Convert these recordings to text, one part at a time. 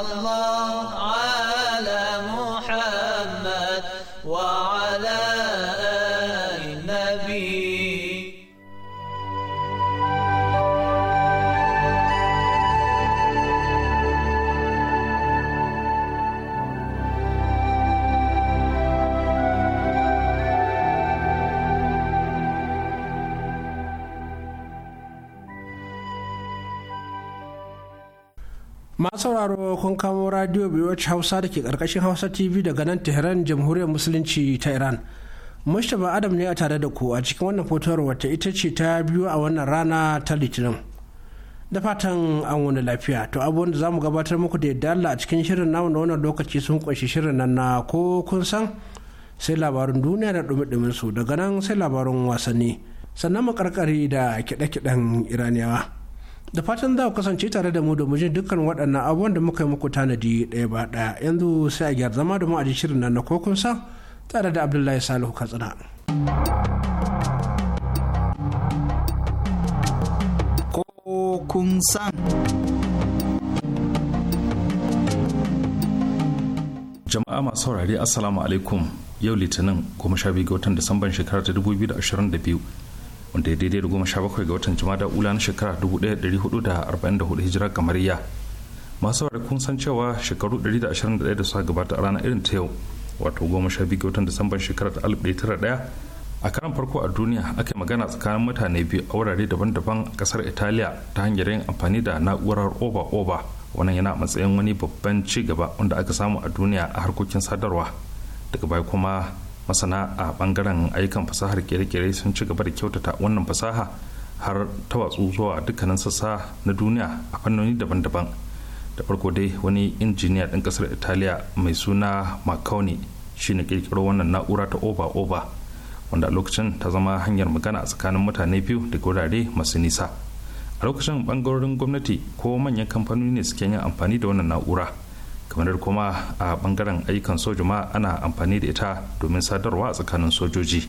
Allah. masu sauraro kun kamo radio biyoci hausa da ke karkashin hausa tv daga nan tehran jamhuriyar musulunci ta iran mustapha adam ne a tare da ku a cikin wannan fotowar wata ita ce ta biyu a wannan rana ta litinin da fatan an wani lafiya to abubuwan da za mu gabatar muku da yadda Allah a cikin shirin namu na wannan lokaci sun kunshi shirin nan na ko kun san sai labarin duniya da dumi su daga nan sai labarin wasanni sannan mu karkari da kiɗe-kiɗen iraniyawa da fatan za ku kasance tare da mu da jin dukkan waɗannan abubuwan da muka yi muku tanadi ɗaya ba ɗaya yanzu sai a gyar zama mu a ji shirin nan na kokunsa tare da abdullahi salihu katsina kokun jama'a masu saurari assalamu alaikum yau litinin goma sha biyu ga watan disamban shekara ta 2022 wanda ya daidai da goma sha bakwai ga watan da ula na shekara 1444 hijira kamariya masu wari kun san cewa shekaru 121 da suka gabata a ranar irin ta yau wato goma sha biyu ga watan disamban shekarar 1901 a karan farko a duniya aka magana tsakanin mutane biyu a wurare daban-daban a kasar italiya ta hanyar yin amfani da na'urar oba oba wannan yana matsayin wani babban ci gaba wanda aka samu a duniya a harkokin sadarwa daga baya kuma masana a bangaren ayyukan fasahar kere-kere sun ci gaba da kyautata wannan fasaha har ta watsu zuwa dukkanin sassa na duniya a fannoni daban-daban da farko dai wani injiniya ɗin ƙasar italiya mai suna makoni shine ne ƙirƙiro wannan na'ura ta oba oba wanda a lokacin ta zama hanyar magana a tsakanin mutane biyu da wurare masu nisa a lokacin bangarorin gwamnati ko manyan kamfanoni ne suke yin amfani da wannan na'ura kamar kuma a bangaren ayyukan soja ma ana amfani da ita domin sadarwa a tsakanin sojoji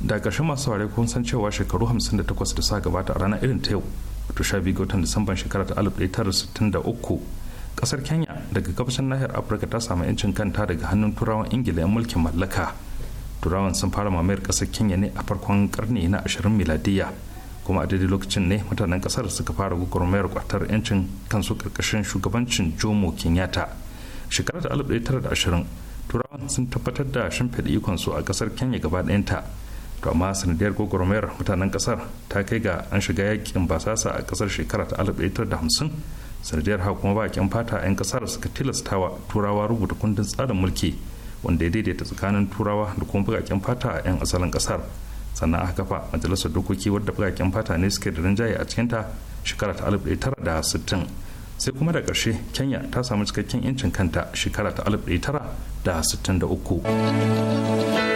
da ƙarshen masu saurari kun san cewa shekaru 58 da sa gabata a ranar irin ta yau wato biyu ga watan disamban shekarar 1963 ƙasar kenya daga gabashin nahiyar afirka ta samu 'yancin kanta daga hannun turawan ingila 'yan mulkin mallaka turawan sun fara mamayar kasar kenya ne a farkon karni na 20 miladiyya kuma a daidai lokacin ne mutanen kasar suka fara gwagwarmayar kwatar 'yancin kansu karkashin shugabancin jomo kenyatta shekarar da ashirin turawan sun tabbatar da shimfiɗa su a kasar kenya gaba ɗayanta to amma sanadiyar gwagwarmayar mutanen kasar ta kai ga an shiga yakin basasa a kasar shekara ta hamsin sanadiyar haka kuma bakin fata 'yan kasar suka tilastawa turawa rubuta kundin tsarin mulki wanda ya daidaita tsakanin turawa da kuma bakin fata a 'yan asalin kasar sannan aka kafa majalisar dokoki wadda bukakin fata ne suke da rinjaye a cikin cikinta shekara ta 1960 sai kuma da ƙarshe kenya ta samu cikakken 'yancin kanta shekara ta 1963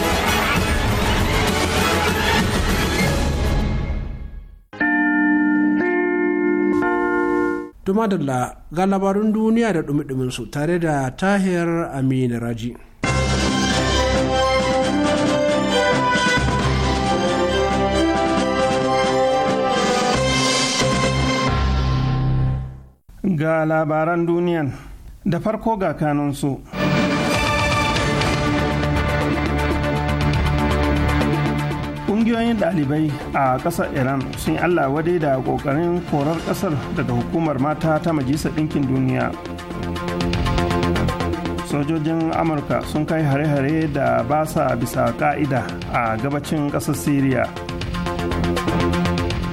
Tuma da ga labarun duniya da dumi su tare da Tahir Amin Raji. Ga labaran duniyan da farko ga kanunsu. ƙungiyoyin ɗalibai a ƙasar iran sun allah wadai da ƙoƙarin korar ƙasar daga hukumar mata ta majalisar ɗinkin duniya sojojin amurka sun kai hare-hare da ba sa bisa ƙa'ida a gabacin ƙasar syria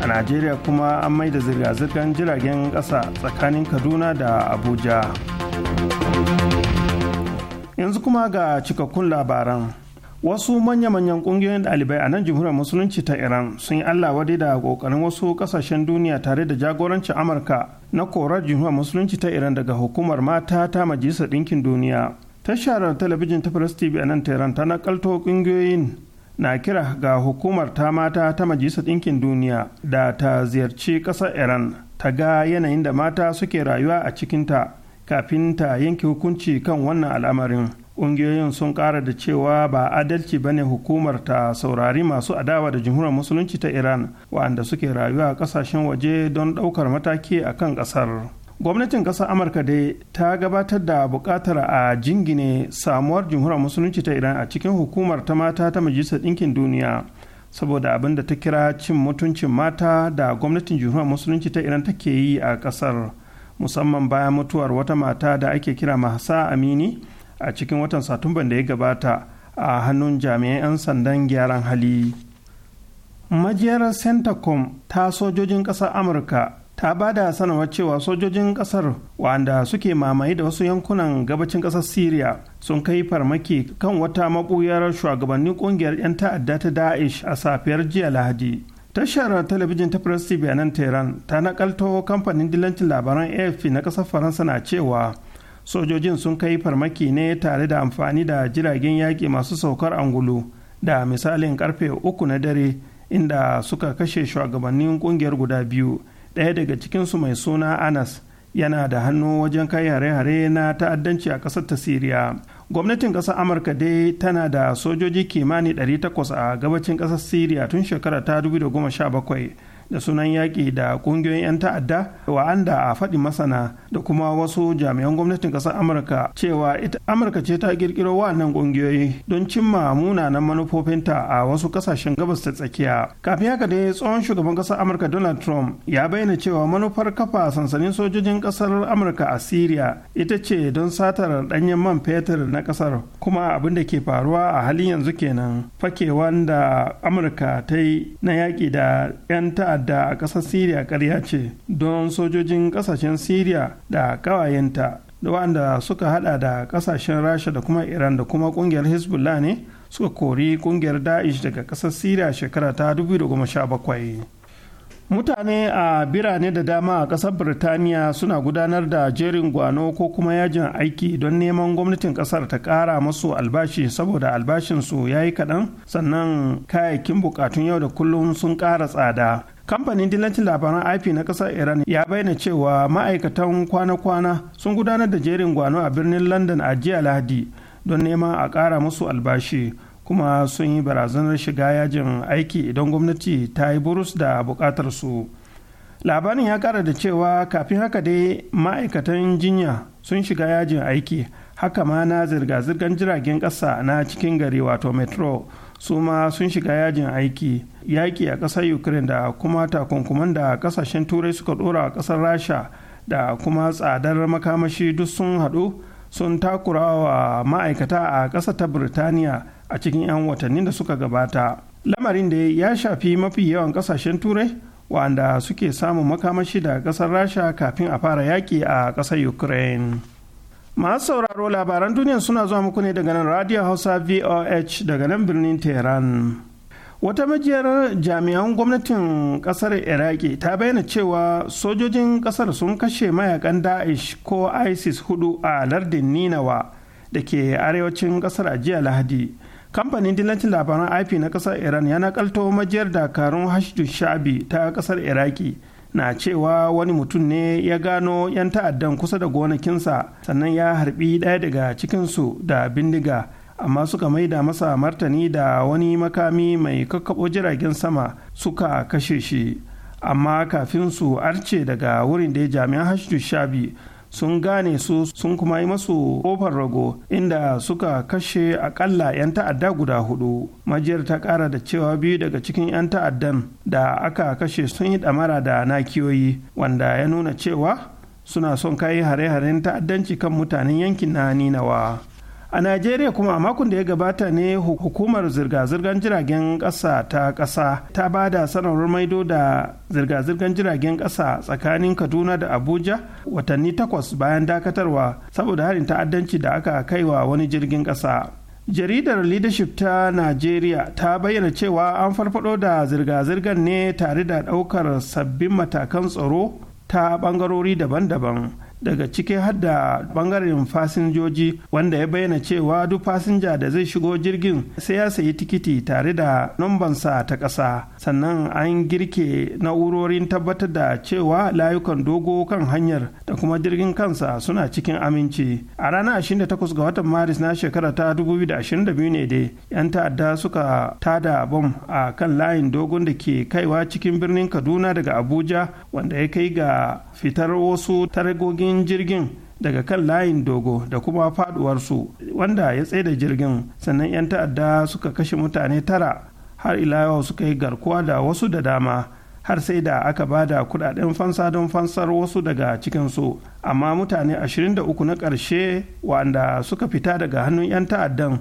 a najeriya kuma an maida zirga-zirgar jiragen ƙasa tsakanin kaduna da abuja yanzu kuma ga cikakkun labaran wasu manya-manyan ƙungiyoyin ɗalibai a nan jamhuriyar musulunci ta iran sun yi allah wadai da kokarin wasu ƙasashen duniya tare da jagorancin amurka na korar jamhuriyar musulunci ta iran daga hukumar mata ta majalisar ɗinkin duniya tashar talabijin ta press tv a nan tehran ta nakalto kungiyoyin na kira ga hukumar ta mata ta majalisar ɗinkin duniya da ta ziyarci ƙasar iran ta ga yanayin da mata suke rayuwa a cikinta kafin ta yanke hukunci kan wannan al'amarin ƙungiyoyin sun ƙara da cewa ba adalci ba ne hukumar ta saurari masu adawa da jamhuriyar musulunci ta iran waɗanda suke rayuwa a ƙasashen waje don ɗaukar mataki a kan ƙasar gwamnatin ƙasar amurka dai ta gabatar da buƙatar a jingine samuwar jamhuriyar musulunci ta iran a cikin hukumar ta mata ta majalisar ɗinkin duniya saboda abin da ta kira cin mutuncin mata da gwamnatin jamhuriyar musulunci ta iran take yi a ƙasar musamman bayan mutuwar wata mata da ake kira mahsa amini a cikin watan satumban da ya gabata a hannun jami'an 'yan sandan gyaran hali majiyar centacom ta sojojin ƙasar amurka ta ba da sanarwar cewa sojojin ƙasar wanda suke mamaye da wasu yankunan gabacin ƙasar syria sun kai farmaki kan wata maɓuyar shugabannin ƙungiyar 'yan ta'adda ta da'ish a safiyar jiya lahadi tashar talabijin ta press tehran ta nakalto kamfanin dilancin labaran afp na ƙasar faransa na cewa sojojin sun kai farmaki ne tare da amfani da jiragen yaƙi masu saukar angulu da misalin karfe uku na dare inda suka kashe shugabannin kungiyar guda biyu ɗaya daga cikinsu mai suna anas yana da hannu wajen kai hare-hare na ta'addanci a ƙasar ta siriya gwamnatin ƙasar amurka dai tana da sojoji kimani 800 a gabacin ƙasar siriya tun shekara ta 2017 da sunan yaƙi da ƙungiyoyin 'yan ta'adda wa'anda a faɗi masana da kuma wasu jami'an gwamnatin ƙasar amurka cewa ita amurka ce ta ƙirƙiro wa'annan ƙungiyoyi don cimma munanan manufofinta a wasu ƙasashen gabas ta tsakiya kafin haka dai tsohon shugaban ƙasar amurka donald trump ya bayyana cewa manufar kafa sansanin sojojin ƙasar amurka a syria ita ce don satar ɗanyen man fetur na ƙasar kuma abin da ke faruwa a halin yanzu kenan fakewan da amurka ta yi na yaƙi da 'yan ta'adda ta'adda a ƙasar Siriya ƙarya ce don sojojin ƙasashen Siriya da ƙawayenta da waɗanda suka hada da ƙasashen Rasha da kuma Iran da kuma ƙungiyar Hezbollah ne suka kori ƙungiyar Da'ish daga ƙasar Siriya shekara ta 2017. Mutane a birane da dama a ƙasar Birtaniya suna gudanar da jerin gwano ko kuma yajin aiki don neman gwamnatin ƙasar ta ƙara masu albashi saboda albashinsu ya yi kaɗan sannan kayayyakin buƙatun yau da kullum sun ƙara tsada. kamfanin dillancin labaran ip na kasar iran ya bayyana cewa ma'aikatan kwana-kwana sun gudanar da jerin gwano a birnin london a jiya lahadi don neman a ƙara musu albashi kuma sun yi barazanar shiga yajin aiki idan gwamnati ta yi burus da buƙatar su labarin ya ƙara da cewa kafin haka dai ma'aikatan jinya sun shiga yajin aiki haka ma na zirga-zirgar jiragen ƙasa na cikin gari wato metro su ma sun shiga yajin aiki yaƙi a ƙasar ukraine da kuma takunkuman da ƙasashen turai suka ɗora a ƙasar rasha da kuma tsadar makamashi duk sun haɗu sun takura wa ma'aikata a ƙasar ta birtaniya a cikin 'yan watannin da suka gabata lamarin da ya shafi mafi yawan ƙasashen turai wanda suke samun makamashi da ƙasar rasha kafin a fara yaƙi a ƙasar ukraine masu sauraro labaran duniya suna zuwa muku ne daga nan radio hausa voh daga nan birnin tehran wata majiyar jami'an gwamnatin kasar iraki ta bayyana cewa sojojin kasar sun kashe mayakan daesh ko isis hudu a lardin ninawa da ke arewacin kasar a jiya lahadi kamfanin dillancin labaran ip na kasar iran ya nakalto majiyar dakarun hashdu shabi ta kasar iraki na cewa wani mutum ne ya gano 'yan ta'addan kusa da gonakinsa sannan ya harbi ɗaya daga cikinsu da bindiga amma suka maida masa martani da wani makami mai kakkaɓo jiragen sama suka kashe shi amma kafin su arce daga wurin da ya jami'an hashdu shabi sun gane su sun kuma yi masu kofar rago inda suka kashe akalla 'yan ta'adda guda hudu majiyar ta kara da cewa biyu daga cikin 'yan ta'addan da aka kashe sun yi damara da nakiyoyi wanda ya nuna cewa suna son kayi hare-haren ta'addanci kan mutanen yankin na ninawa. a najeriya kuma a makon da ya gabata ne hukumar zirga-zirgar jiragen ƙasa ta ƙasa ta ba da sanarwar maido da zirga-zirgar jiragen ƙasa tsakanin kaduna da abuja watanni takwas bayan dakatarwa saboda harin ta'addanci da aka kaiwa wani jirgin ƙasa jaridar leadership ta najeriya ta bayyana cewa an farfado da zirga-zirgar ne tare da ɗaukar sabbin matakan tsaro ta ɓangarori daban-daban daga ciki har da bangaren fasinjoji wanda ya bayyana cewa duk fasinja da zai shigo jirgin sai ya sayi tikiti tare da numbansa ta ƙasa sannan an girke na'urorin tabbatar da cewa layukan dogo kan hanyar da kuma jirgin kansa suna cikin aminci a ranar 28 ga watan maris na shekara ta 2022 ne dai 'yan ta'adda suka tada bom a kan layin dogon da ke kaiwa cikin birnin kaduna daga abuja wanda ya kai ga fitar wasu targogin matukin jirgin daga kan layin dogo da kuma faduwarsu wanda ya da jirgin sannan 'yan ta'adda suka kashe mutane tara har ila yau suka yi garkuwa da wasu da dama har sai da aka ba da kudaden fansa don fansar wasu daga cikinsu amma mutane 23 na ƙarshe wanda suka fita daga hannun 'yan ta'addan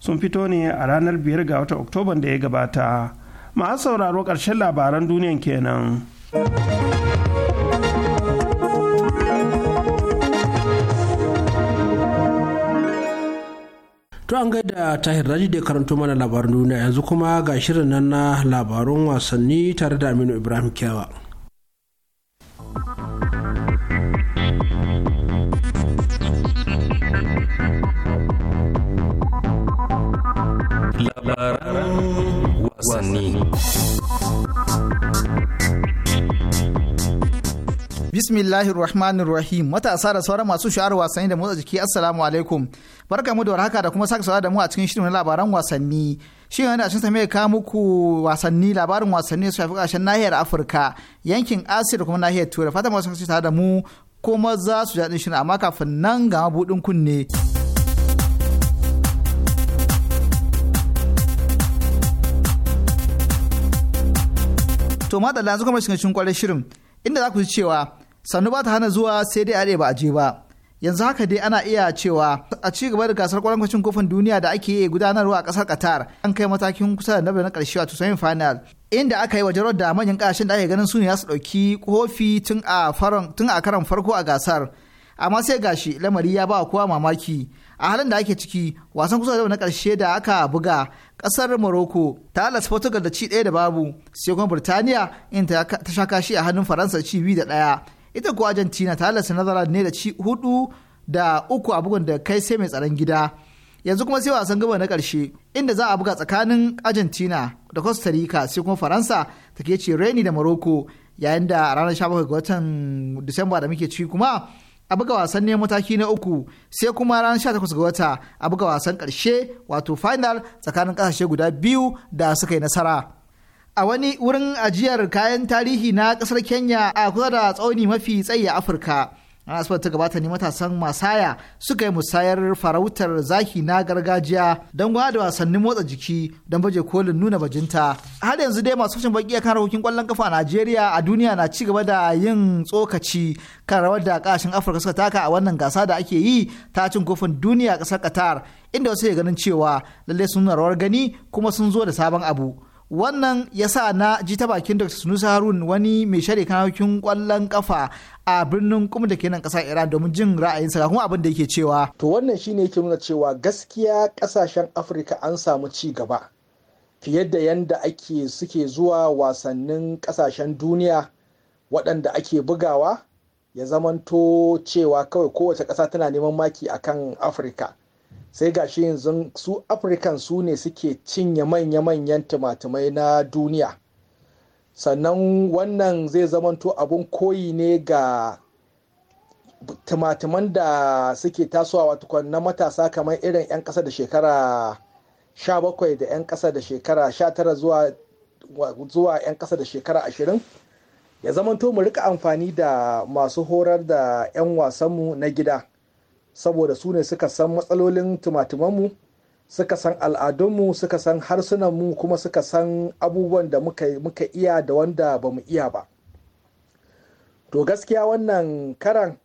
sun fito ne a ranar 5 ga watan oktoban da ya gabata ma'a sauraro ƙarshen labaran duniyan kenan. To an gaida Tahir Raji da karanto mana labaran duniya yanzu kuma ga shirin nan na labarun wasanni tare da Aminu Ibrahim Kyawa. Labaran wasanni. Bismillahir Rahmanir Rahim matasa da sauran masu sha'ar wasanni da motsa jiki assalamu alaikum barka mu da warhaka da kuma saka saurara da mu a cikin shirin na labaran wasanni shi yana cin mai ka muku wasanni labarin wasanni su shafi kashin nahiyar Afirka yankin Asiya da kuma nahiyar Turai fata masu kasance da mu kuma za su ji shirin amma kafin nan ga mabudin kunne. To madalla yanzu kuma shirin kwarar shirin inda za ku ji cewa sannu ba ta hana zuwa sai dai arewa a je ba yanzu haka dai ana iya cewa a ci gaba da gasar kwalankwacin kofin duniya da ake gudanarwa a kasar qatar an kai matakin kusa da nabar na karshe wato semi final inda aka yi wajen da manyan kashin da ake ganin su ne su dauki kofi tun a tun a karon farko a gasar amma sai gashi lamari ya ba kowa mamaki a halin da ake ciki wasan kusa da na karshe da aka buga kasar morocco ta halas portugal da ci ɗaya da babu sai kuma birtaniya in ta sha kashi a hannun faransa ci biyu da ɗaya ita kuwa argentina ta halasta nazara ne da ci hudu da uku a bugun da kai sai mai tsaron gida yanzu kuma sai wasan gaba na karshe inda za a buga tsakanin argentina da costa rica sai kuma faransa ta ke ce reni da morocco yayin da ranar 17 ga watan disamba da muke ciki kuma a buga wasan ne mataki na uku sai kuma ranar 18 ga wata a buga wasan karshe wato final tsakanin kasashe guda biyu da suka yi nasara. a wani wurin ajiyar kayan tarihi na kasar kenya a kusa da tsauni mafi tsayi a afirka an asibar ta gabata ne matasan masaya suka yi musayar farautar zaki na gargajiya don gwada da wasannin motsa jiki don baje kolin nuna bajinta har yanzu dai masu fashin baki kan harkokin kwallon kafa a najeriya a duniya na ci gaba da yin tsokaci kan rawar da kashin afirka suka taka a wannan gasa da ake yi ta cin kofin duniya kasar qatar inda wasu ke ganin cewa lallai sun rawar gani kuma sun zo da sabon abu wannan ya sa na ji ta bakin dr sunusa harun wani mai share kanakin kwallon kafa a birnin kuma da ke nan kasar iran domin jin ra'ayinsa ga kuma abin da yake cewa to wannan shine yake nuna cewa gaskiya kasashen afirka an samu ci gaba fiye da yadda ake suke zuwa wasannin kasashen duniya waɗanda ake bugawa ya zamanto cewa kawai kowace ƙasa tana neman maki akan afirka sai ga shi yanzu su afirkan su ne suke cinye manya-manyan tumatumai na duniya sannan wannan zai zamanto abun koyi ne ga tumatuman da suke tasowa tukwan na matasa kamar irin 'yan ƙasa da shekara 17 da 'yan ƙasa da shekara 19 zuwa zuwa 'yan ƙasa da shekara 20 ya zamanto mu rika amfani da masu horar da 'yan wasanmu na gida saboda su ne suka san matsalolin tumatumanmu suka san al'adunmu suka san harsunanmu kuma suka san abubuwan da muka, iya da wanda ba mu iya ba to gaskiya wannan karan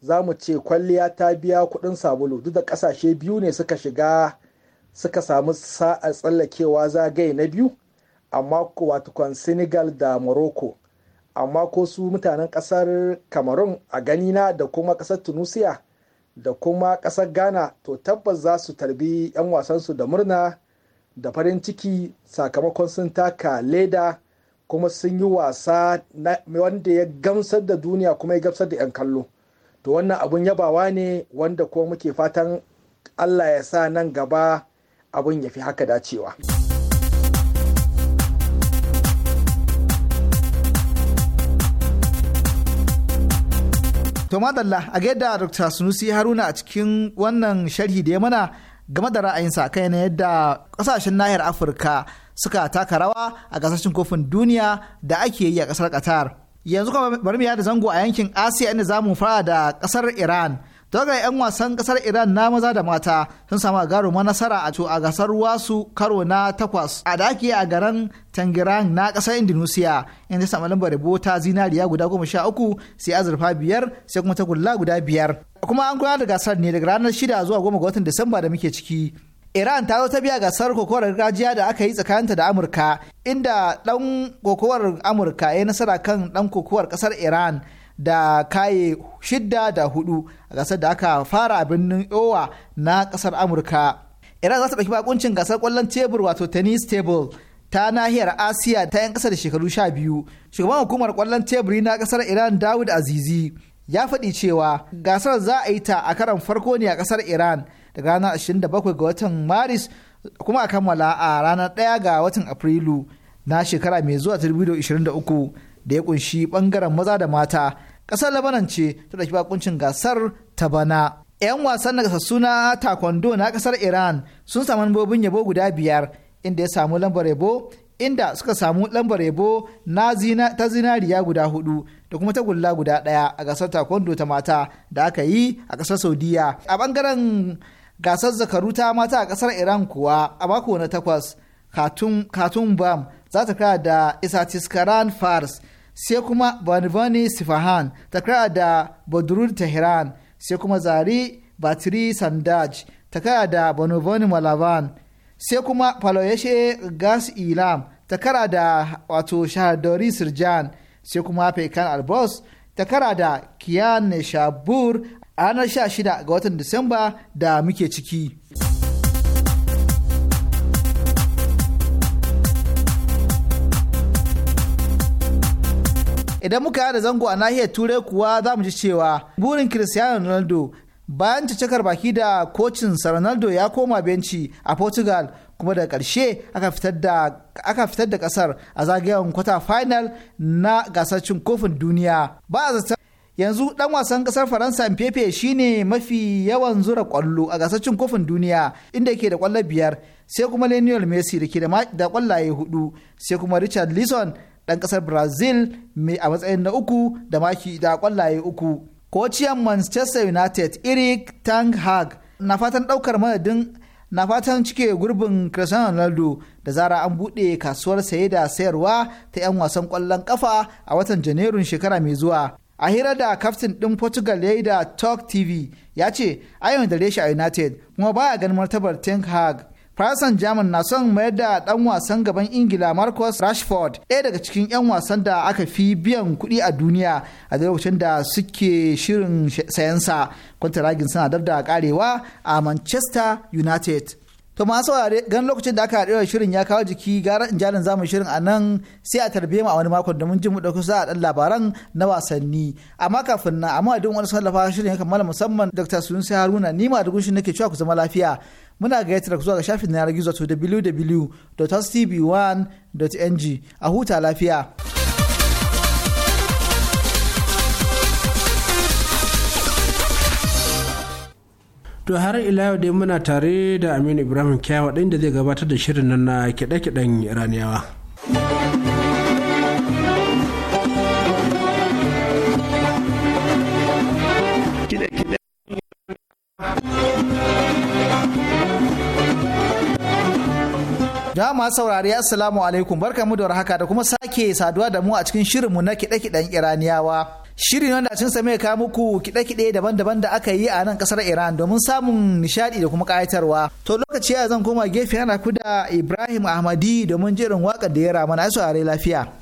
za mu ce kwalliya ta biya kudin sabulu duk da kasashe biyu ne suka shiga suka samu sa'a tsallakewa zagaye na biyu amma watukon senegal da morocco amma ko su mutanen kasar cameroon a ganina da kuma kasar tunisia da kuma ƙasar ghana to tabbas za su tarbi 'yan wasansu da murna da farin ciki sakamakon sun taka leda kuma sun yi wasa wanda ya gamsar da duniya kuma ya gamsar da 'yan kallo to wannan abun yabawa ne wanda kuma muke fatan allah ya sa nan gaba abun ya fi haka dacewa. To madalla a yadda Dr. Sunusi Haruna a cikin wannan sharhi da ya mana game da ra'ayinsa kai na yadda kasashen nahiyar Afirka suka taka rawa a kasashen kofin duniya da ake yi a kasar Qatar. Yanzu kuma bari mu yada zango a yankin Asiya inda zamu fara da kasar Iran. daga 'yan wasan kasar iran na maza da mata sun samu agaruma nasara a a gasar wasu karo na takwas a daki a garan tangiran na kasar indonesia inda samu lambar rabo ta zinariya guda goma sha uku sai azurfa biyar sai kuma ta tagulla guda biyar kuma an gudanar da gasar ne daga ranar shida zuwa goma ga watan disamba da muke ciki Iran ta zo ta biya gasar kokowar gargajiya da aka yi tsakaninta da Amurka, inda ɗan kokowar Amurka ya yi nasara kan ɗan kokowar kasar Iran da kaye shidda da hudu a gasar da aka fara a birnin Iowa na kasar Amurka. Iran za ta ɗauki bakuncin gasar ƙwallon tebur wato tennis table ta nahiyar Asiya ta 'yan ƙasa da shekaru sha biyu. Shugaban hukumar ƙwallon teburi na kasar Iran Dawud Azizi ya faɗi cewa gasar za a yi ta a karon farko ne a kasar Iran daga ranar 27 ga watan Maris kuma a kammala a ranar 1 ga watan Afrilu na shekara mai zuwa 2023. da ya kunshi bangaren maza da mata kasar labanan ce ta ɗauki bakuncin gasar ta bana 'yan wasan na gasassu na taekwondo na kasar iran sun samu lambobin yabo guda biyar inda ya samu lambar yabo inda suka samu lambar yabo ta zinariya guda hudu da kuma tagulla guda ɗaya a gasar taekwondo ta mata da aka yi a kasar saudiya a bangaren gasar zakaru ta mata a kasar iran kuwa a mako na takwas katun bam za ta kada da isatiskaran fars sai kuma banibani sifahan takara da badurur tehran sai kuma zari batiri sandaj takara da banibani malavan sai kuma faloyeshe gas ilam takara da wato shahadori sirjan sai kuma fekan albos takara da kiyan shabur a ranar 16 ga watan disamba da muke ciki. idan muka yada zango a nahiyar turai kuwa za mu ji cewa burin cristiano ronaldo bayan cakar baki da kocin ronaldo ya koma benci a portugal kuma daga karshe aka fitar da kasar a zagayen kwata final na gasar cin kofin duniya ba a zata yanzu dan wasan kasar faransa mpepe shine mafi yawan zura kwallo a gasar cin kofin duniya inda yake da kwallo biyar sai kuma lionel messi da ke da kwallaye hudu sai kuma richard lison ɗan ƙasar brazil mai a matsayin na uku da maki da kwallaye uku kociyar manchester united eric tang hag na fatan ɗaukar madadin na fatan cike gurbin cristiano ronaldo da zara an buɗe kasuwar saye da sayarwa ta 'yan wasan kwallon ƙafa a watan janairun shekara mai zuwa a hira da kaftin ɗin portugal ya yi da talk tv ya ce ayon da shi a united kuma baya ganin martabar ten hag Faransan German na son mayar da ɗan wasan gaban Ingila Marcus Rashford ɗaya daga cikin 'yan wasan da aka fi biyan kuɗi a duniya a lokacin da suke shirin sayansa ragin suna dab da karewa a Manchester United. To masu saurare gan lokacin da aka haɗewa shirin ya kawo jiki gara in jalin zamu shirin a nan sai a tarbiye mu a wani makon domin jin mu ɗauki sa a ɗan labaran na wasanni. Amma kafin na amma duk wani sallafa shirin ya kammala musamman Dr. Sunusi Haruna ni ma da gunshin nake cewa ku zama lafiya. muna gayyatar zuwa ga shafin yanar gizo to www.tv1.ng a huta lafiya. To har ila yau dai muna tare da Aminu Ibrahim Kiyawa ɗin da zai gabatar da shirin nan na kiɗe-kiɗen Iraniyawa. Jama'a masu saurari assalamu alaikum barka mu da warhaka da kuma sake saduwa da mu a cikin shirinmu na kiɗe-kiɗen Iraniyawa. Shirin wanda cin mai kawo muku kiɗe-kiɗe daban-daban da aka yi a nan kasar Iran domin samun nishaɗi da kuma kayatarwa To lokaci ya zan koma gefe yana ku da Ibrahim Ahmadi domin jerin waƙar da ya ramana ai saurari lafiya.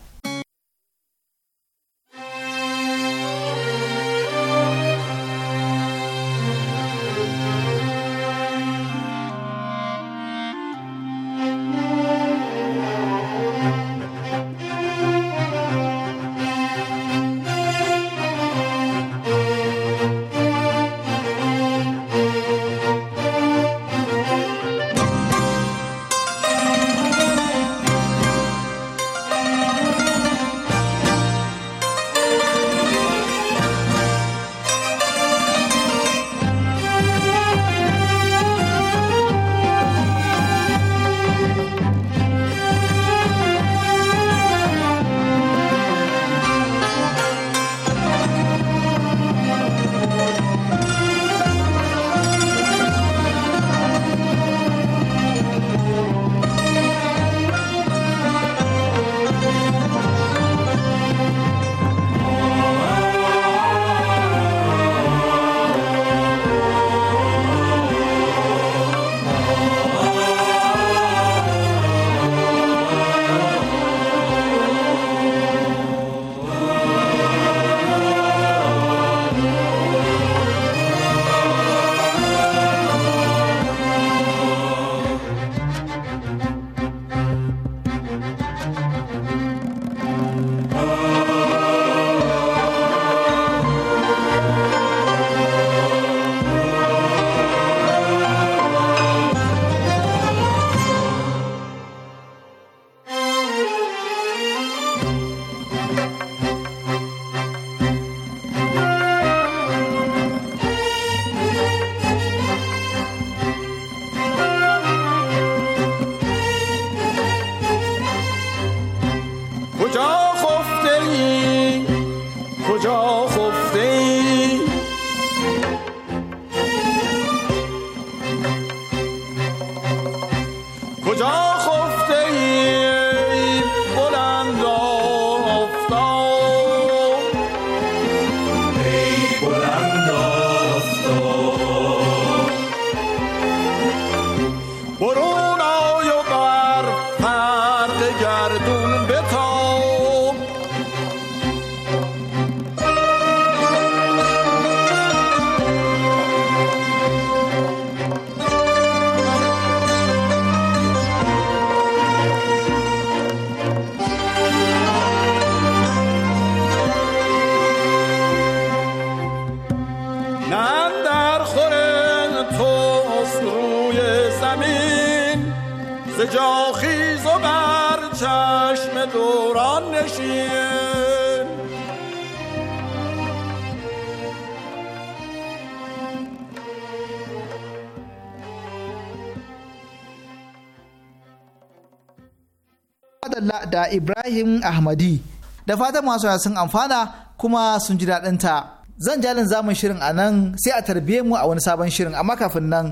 da Ibrahim Ahmadi. Da fatan masu sun amfana kuma sun ji daɗin ta. Zan jalin zamun shirin a nan sai a tarbiye mu a wani sabon shirin amma kafin nan.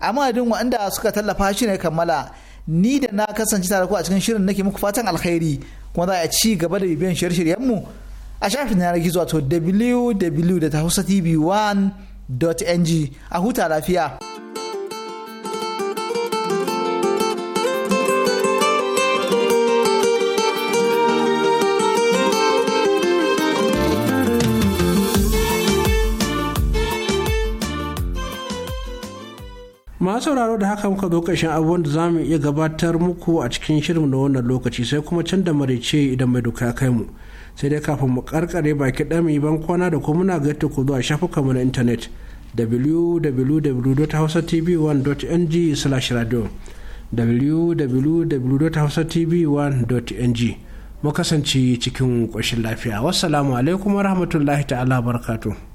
A madadin waɗanda suka tallafa shi ne kammala ni da na kasance tare ku a cikin shirin nake muku fatan alkhairi kuma za a ci gaba da bibiyan shirye-shiryen mu a shafin yanar gizo wato www.hausatv1.ng a huta lafiya. sauraro da haka muka zo ƙarshen abubuwan da za mu iya gabatar muku a cikin shirin na wannan lokaci sai kuma can da marice idan mai doka kai mu sai dai kafin mu karkare baki ɗan mu ban kwana da kuma muna gaita ku zuwa shafukanmu na intanet www.hausatv1.ng/radio www.hausatv1.ng mu kasance cikin ƙoshin lafiya wassalamu alaikum warahmatullahi ta'ala barakatuh